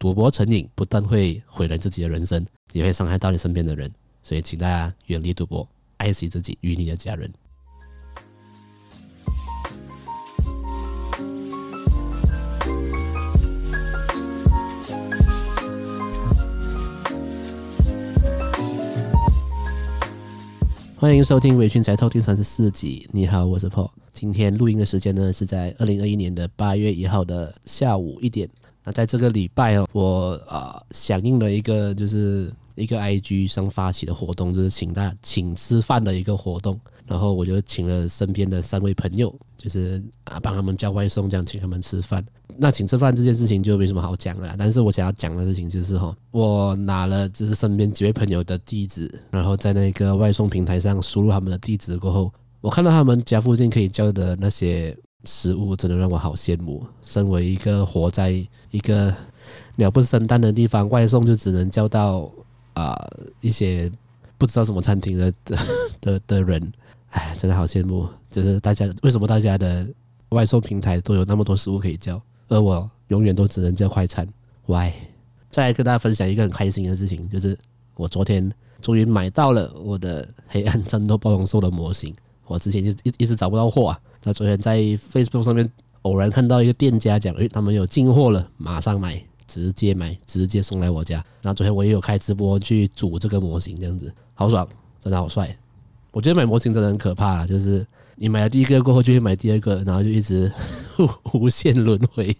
賭博成癮不但會毀了自己的人生，也會傷害到你身邊的人，所以請大家遠離賭博，愛惜自己與你的家人。歡迎收聽《微醺宅 Talk》第三十四集。你好，我是 Paul。今天錄音的時間呢是在二零二一年的八月一號的下午一點。那在這個禮拜哦，我啊、呃、響應了一個就是一個 IG 上發起的活動，就是請大家請吃飯的一個活動。然後我就請了身邊的三位朋友，就是啊幫他們叫外送，這樣請他們吃飯。那請吃飯這件事情就沒什麼好講了啦。但是我想要講的事情就是哈、哦，我拿了就是身邊幾位朋友的地址，然後在那個外送平台上輸入他們的地址過後，我看到他們家附近可以叫的那些。食物真的讓我好羨慕。身為一個活在一個鳥不生蛋的地方，外送就只能叫到啊、呃、一些不知道什麼餐廳的的的、的人，哎，真的好羨慕。就是大家為什麼大家的外送平台都有那麼多食物可以叫，而我永遠都只能叫快餐？Why？再來跟大家分享一個很開心的事情，就是我昨天終於買到了我的黑暗戰鬥暴龍獸、獸的模型。我之前就一一直找不到貨啊。那昨天在 Facebook 上面偶然看到一個店家講，誒、哎、他們有進貨了，馬上買，直接買，直接，直接送來我家。那昨天我也有開直播去組這個模型，這樣子好爽，真的好帥。我覺得買模型真的很可怕，啊，就是你買了第一個過後，就會買第二個，然後就一直無限輪回。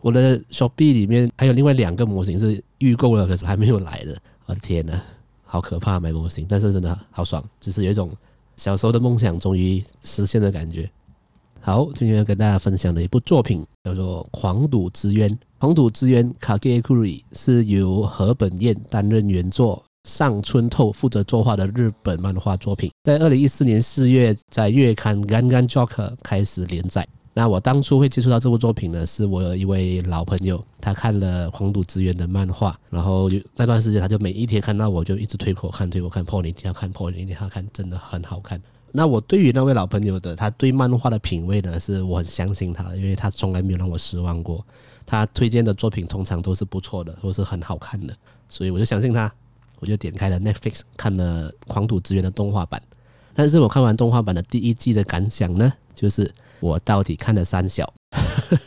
我的蝦皮、e、裡面還有另外兩個模型是預購了，可是還沒有來的。我的天吶，好可怕買模型，但是真的好爽，只，就是有一種小時候的夢想終於實現的感覺。好，今天要跟大家分享的一部作品叫做《狂賭之淵》。《狂賭之淵》Kakegurui 是由河本彥擔任原作、上春透負責作畫的日本漫畫作品，在二零一四年四月在月刊《Gangan Joker》開始連載。那我當初會接觸到這部作品呢，是我有一位老朋友，他看了《狂賭之淵》的漫畫，然後就那段時間他就每一天看到我就一直推口看，推口看，破你一定要看，破你一定要看，看，真的很好看。那我對於那位老朋友的，他對漫畫的品味呢，是我很相信他，因為他從來沒有讓我失望過。他推薦的作品通常都是不錯的，或是很好看的，所以我就相信他，我就點開了 Netflix 看了《狂賭之淵》的動畫版。但是我看完動畫版的第一季的感想呢，就是我到底看了三小。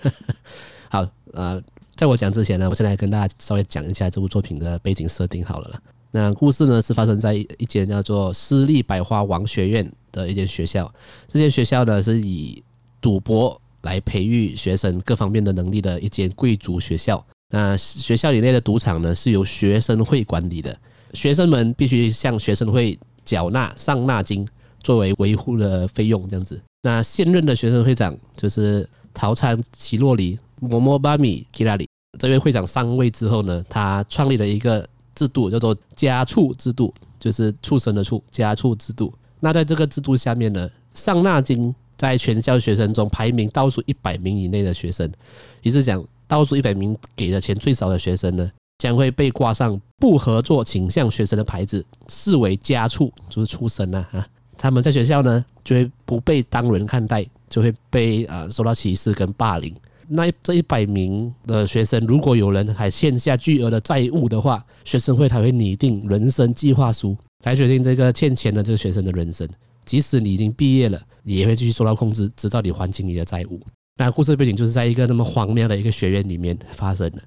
好，呃，在我講之前呢，我先來跟大家稍微講一下這部作品的背景設定，好了啦。那故事呢是發生在一一間叫做私立百花王學院的一間學校，這間學校呢是以賭博來培育學生各方面的能力的一間貴族學校。那學校以內的賭場呢是由學生會管理的，學生們必須向學生會繳納上納金作為維護的費用這樣子。那現任的學生會長就是桃喰綺羅莉摩摩巴米基拉里，這位會長上位之後呢，他創立了一個。制度叫做“家畜制度”，就是畜生的“畜”。家畜制度，那在這個制度下面呢，上納金，在全校學生中排名倒數一百名以內的學生，也是講倒數一百名給的錢最少的學生呢，將會被掛上“不合作傾向學生”的牌子，視為家畜，就是畜生啊，啊！他們在學校呢，就會不被當人看待，就會被啊、呃、受到歧視跟霸凌。那這一百名的學生，如果有人還欠下巨額的債務的話，學生會才會擬定人生計劃書來決定這個欠錢的這個學生的人生。即使你已經畢業了，你也會繼續受到控制，直到你還清你的債務。那故事背景就是在一個這麼荒謬的一個學院裡面發生的。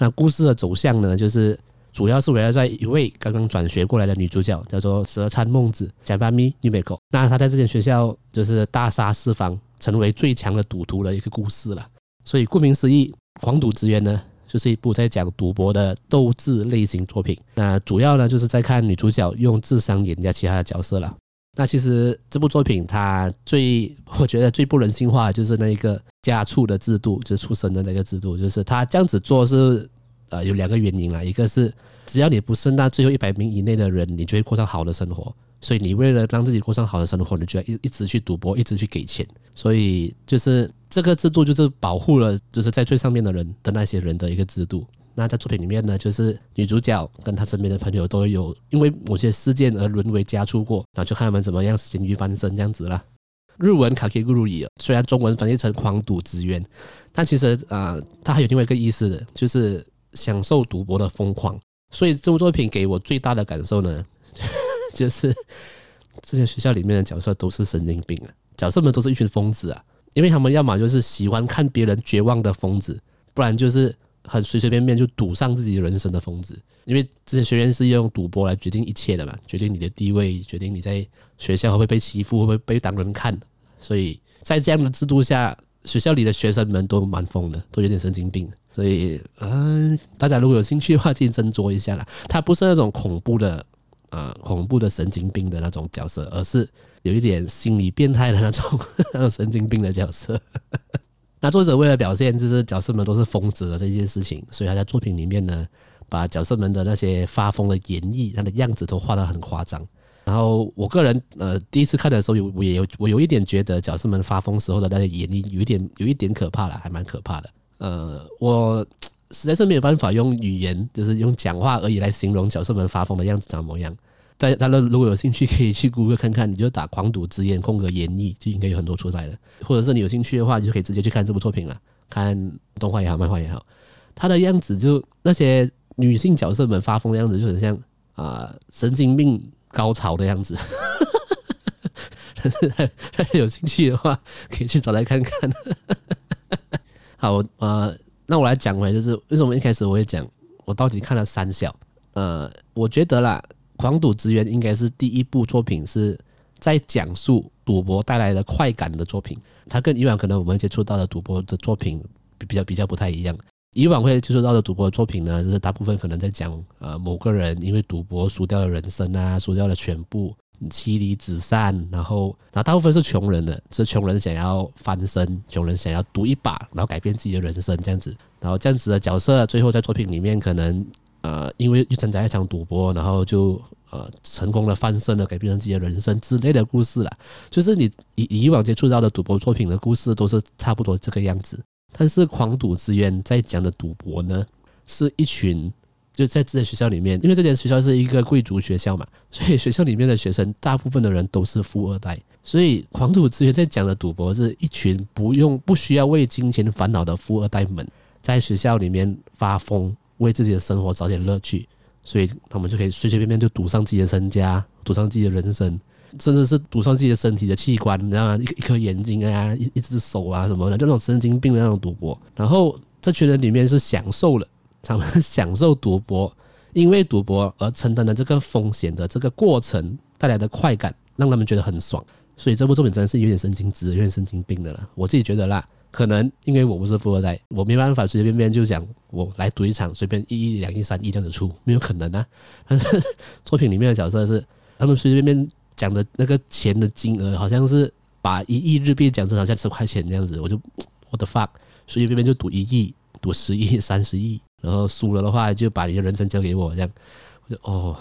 那故事的走向呢，就是主要是圍繞在一位剛剛轉學過來的女主角，叫做蛇喰夢子 Jabami Yumeko。那她在這間學校就是大殺四方，成為最強的賭徒的一個故事了。所以，顧名思義，《狂賭之淵》呢，就是一部在講賭博的鬥智類型作品。那主要呢，就是在看女主角用智商碾壓其他的角色了。那其實這部作品它最，我覺得最不人性化，就是那一個家畜的制度，就是出生的那個制度，就是他這樣子做是，呃，有兩個原因啊。一個是只要你不是那最後一百名以內的人，你就會過上好的生活。所以你為了讓自己過上好的生活，你就要一一直去賭博，一直去給錢。所以就是。這個制度就是保護了，就是在最上面的人的那些人的一個制度。那在作品裡面呢，就是女主角跟她身邊的朋友都有因為某些事件而淪為家畜過，然後就看他們怎麼樣鹹魚翻身這樣子啦。日文卡克咕魯伊，雖然中文翻譯成狂賭之淵，但其實啊、呃，它還有另外一個意思的，就是享受賭博的瘋狂。所以這部作品給我最大的感受呢，就是這些學校裡面的角色都是神經病啊，角色們都是一群瘋子啊。因為他們要麼就是喜歡看別人絕望的瘋子，不然就是很隨隨便便就賭上自己人生的瘋子。因為這些學員是用賭博來決定一切的嘛，決定你的地位，決定你在學校會不會被欺負，會不會被當人看。所以在這樣的制度下，學校裡的學生們都蠻瘋的，都有點神經病。所以，嗯、呃，大家如果有興趣的話，儘斟酌一下啦。它不是那種恐怖的。呃，恐怖的神經病的那種角色，而是有一點心理變態的那種、 那種神經病的角色。 那作者為了表現就是角色們都是瘋子的這件事情，所以他在作品裡面呢，把角色們的那些發瘋的演繹，他的樣子都畫得很誇張。然後我個人呃，第一次看的時候，有我也有我有一點覺得角色們發瘋時候的那個演繹，有一點有一點可怕了，還蠻可怕的。呃，我。實在是沒有辦法用語言，就是用講話而已來形容角色們發瘋的樣子長模樣。但大家如果有興趣，可以去谷歌看看，你就打“狂賭之淵空格演繹”，就應該有很多出來的。或者是你有興趣的話，你就可以直接去看這部作品了，看動畫也好，漫畫也好，它的樣子就那些女性角色們發瘋的樣子，就很像啊、呃，神經病高潮的樣子。 但是大家有興趣的話，可以去找來看看。 好，啊、呃。那我來講回，就是為什麼一開始我會講我到底看了三小？呃，我覺得啦，《狂賭之淵》應該是第一部作品是在講述賭博帶來的快感的作品。它跟以往可能我們接觸到的賭博的作品比較比較不太一樣。以往會接觸到的賭博的作品呢，就是大部分可能在講呃某個人因為賭博輸掉了人生啊，輸掉了全部。妻離子散，然後，那大部分是窮人的，是窮人想要翻身，窮人想要賭一把，然後改變自己的人生這樣子，然後這樣子的角色，最後在作品裡面可能，呃，因為又參加一場賭博，然後就呃，成功的翻身了，改變自己的人生之類的故事了。就是你以以往接觸到的賭博作品的故事都是差不多這個樣子，但是《狂賭之淵》在講的賭博呢，是一群。就在自己的學校裡面，因為這間學校是一個貴族學校嘛，所以學校裡面的學生大部分的人都是富二代。所以狂賭之淵在講的賭博是一群不用不需要為金錢煩惱的富二代們，在學校裡面發瘋，為自己的生活找點樂趣，所以他們就可以隨隨便便就賭上自己的身家，賭上自己的人生，甚至是賭上自己的身體的器官，你知道嗎？一一顆眼睛啊，一一隻手啊什麼的，就那種神經病的那種賭博。然後這群人裡面是享受了。他們享受賭博，因為賭博而承擔的這個風險的這個過程帶來的快感，讓他們覺得很爽。所以這部作品真的是有點神經質、有點神經病的了。我自己覺得啦，可能因為我不是富二代，我沒辦法隨隨便便就講，我來賭一場，隨便一億、兩億、三億這樣子出，沒有可能啊。但是作品裡面的角色是他們隨隨便便講的那個錢的金額，好像是把一億日幣講成好像十塊錢這樣子，我就 what the fuck，隨隨便便就賭一億、賭十億、三十億。然後輸了的話，就把你的人生交給我這樣，我就哦，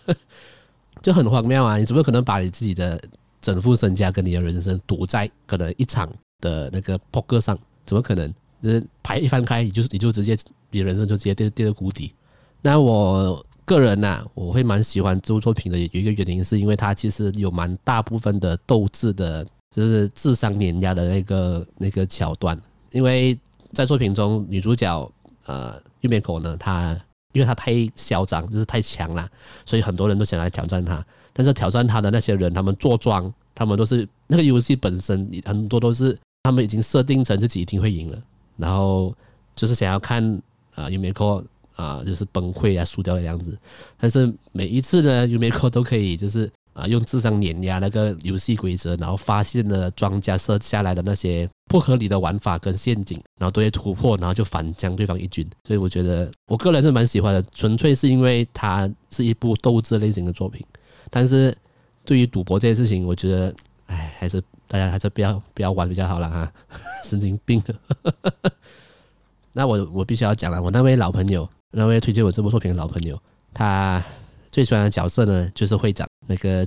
就很荒謬啊！你怎麼可能把你自己的整副身家跟你的人生賭在可能一場的那個撲克上？怎麼可能？就是牌一翻開，你就你就直接你的人生就直接跌跌到谷底。那我個人呢、啊，我會蠻喜歡這部作品的，有一個原因是因為它其實有蠻大部分的鬥智的，就是智商碾壓的那個那個橋段，因為在作品中女主角，呃，尤米 o 呢，他因為他太囂張，就是太強了，所以很多人都想要挑戰他。但是挑戰他的那些人，他們坐莊，他們都是那個遊戲本身很多都是他們已經設定成自己一定會贏了，然後就是想要看啊尤米克啊就是崩潰啊輸掉的樣子。但是每一次呢，尤米 o 都可以就是。啊！用智商碾壓那個遊戲規則，然後發現了莊家設下來的那些不合理的玩法跟陷阱，然後都來突破，然後就反將對方一軍。所以我覺得，我個人是蠻喜歡的，純粹是因為它是一部鬥智類型的作品。但是對於賭博這件事情，我覺得，哎，還是大家還是不要不要玩比較好了啊，神經病！ 那我我必須要講了，我那位老朋友，那位推薦我這部作品的老朋友，他最喜歡的角色呢，就是會長。那個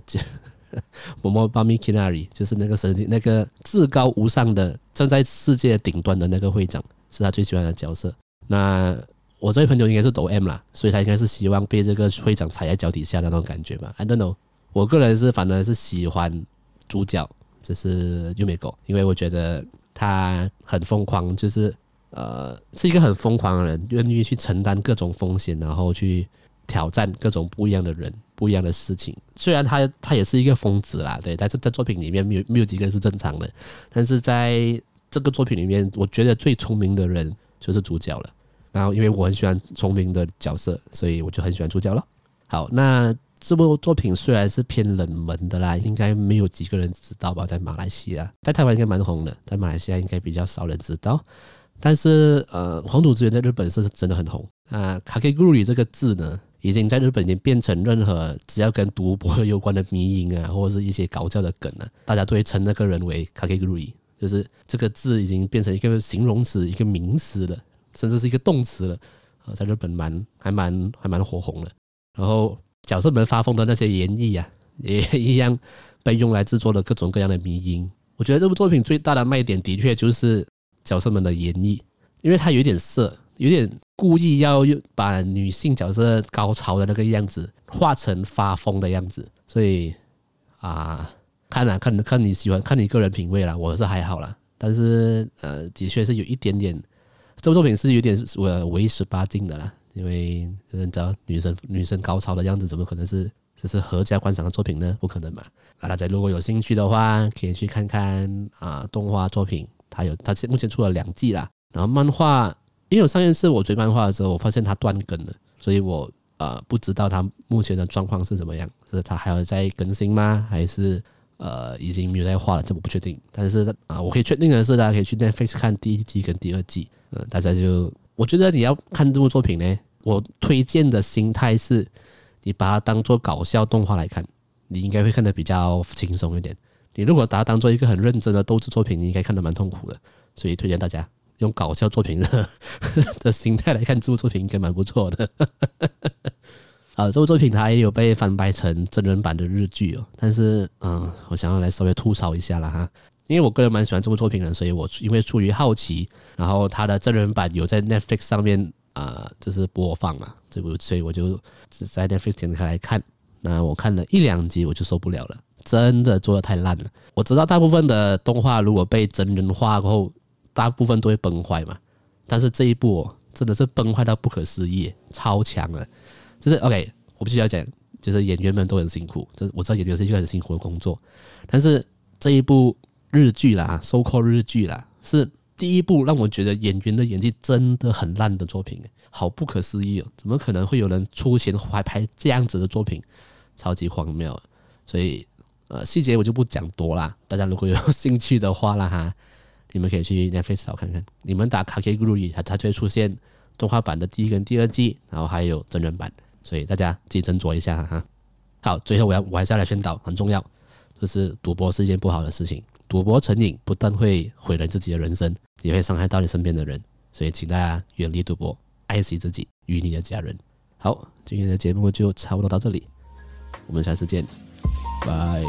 某某巴米基拉里， 就是那個神經，那個至高無上的站在世界頂端的那個會長，是他最喜歡的角色。那我這位朋友應該是抖 M 啦，所以他應該是希望被這個會長踩在腳底下那種感覺吧。I don't know，我個人是反而是喜歡主角，就是 Yumeko，因為我覺得他很瘋狂，就是呃是一個很瘋狂的人，願意去承擔各種風險，然後去挑戰各種不一樣的人。不一樣的事情，雖然他他也是一個瘋子啦，對，但是在作品裡面沒有沒有幾個人是正常的，但是在這個作品裡面，我覺得最聰明的人就是主角了。然後因為我很喜歡聰明的角色，所以我就很喜歡主角咯。好，那這部作品雖然是偏冷門的啦，應該沒有幾個人知道吧？在馬來西亞，在台灣應該蠻紅的，在馬來西亞應該比較少人知道。但是呃，《狂賭之淵》在日本是真的很紅。那 Kakegurui 這個字呢？已經在日本已經變成任何只要跟賭博有關的迷因啊，或者是一些搞笑的梗啊，大家都會稱那個人為 Kakegurui 就是這個字已經變成一個形容詞、一個名詞了，甚至是一個動詞了。啊，在日本蠻還蠻還蠻,還蠻火紅的。然後角色們發瘋的那些演繹啊，也一樣被用來制作了各種各樣的迷因。我覺得這部作品最大的賣點的確就是角色們的演繹，因為它有點色，有點。故意要用把女性角色高潮的那個樣子畫成發瘋的樣子，所以啊，看啦，啊，看啊，看你喜歡，看你個人品味啦。我是還好啦，但是呃，的確是有一點點，這部作品是有點微微十八禁的啦。因為你知道，女生女生高潮的樣子怎麼可能是，這是合家觀賞的作品呢？不可能嘛。那大家如果有興趣的話，可以去看看啊，動畫作品它有它現目前出了兩季啦，然後漫畫。因為我上一次我追漫畫的時候，我發現它斷更了，所以我呃不知道它目前的狀況是怎麼樣，是它還有在更新嗎？還是呃已經沒有在畫了？這我不確定。但是啊，我可以確定的是，大家可以去 Netflix 看第一季跟第二季。嗯，大家就我覺得你要看這部作品呢，我推薦的心態是，你把它當做搞笑動畫來看，你應該會看得比較輕鬆一點。你如果把它當做一個很認真的鬥智作品，你應該看得蠻痛苦的。所以推薦大家。用搞笑作品的 的心態來看這部作品，應該蠻不錯的。 啊，這部作品它也有被翻拍成真人版的日劇哦。但是，嗯，我想要來稍微吐槽一下了哈，因為我個人蠻喜歡這部作品的，所以我因為出於好奇，然後它的真人版有在 Netflix 上面啊，呃，就是播放嘛。這部，所以我就只在 Netflix 點開來看。那我看了一兩集，我就受不了了，真的做得太爛了。我知道大部分的動畫如果被真人化過後，大部分都會崩壞嘛，但是這一部真的是崩壞到不可思議，超強的、啊、就是 OK，我必須要講，就是演員們都很辛苦。就是我知道演員是一個很辛苦的工作，但是這一部日劇啦 so called 日劇啦，是第一部讓我覺得演員的演技真的很爛的作品，好不可思議哦、喔！怎麼可能會有人出錢還拍這樣子的作品，超級荒謬、啊。所以呃，細節我就不講多啦，大家如果有興趣的話啦，哈。你們可以去 Netflix 找看看，你們打 Kakegurui，它它就會出現動畫版的第一跟第二季，然後還有真人版，所以大家自己斟酌一下哈。好，最後我要我還是要來宣導，很重要，就是賭博是一件不好的事情，賭博成癮不但會毀了自己的人生，也會傷害到你身邊的人，所以請大家遠離賭博，愛惜自己與你的家人。好，今天的節目就差不多到這裡，我們下次見，拜。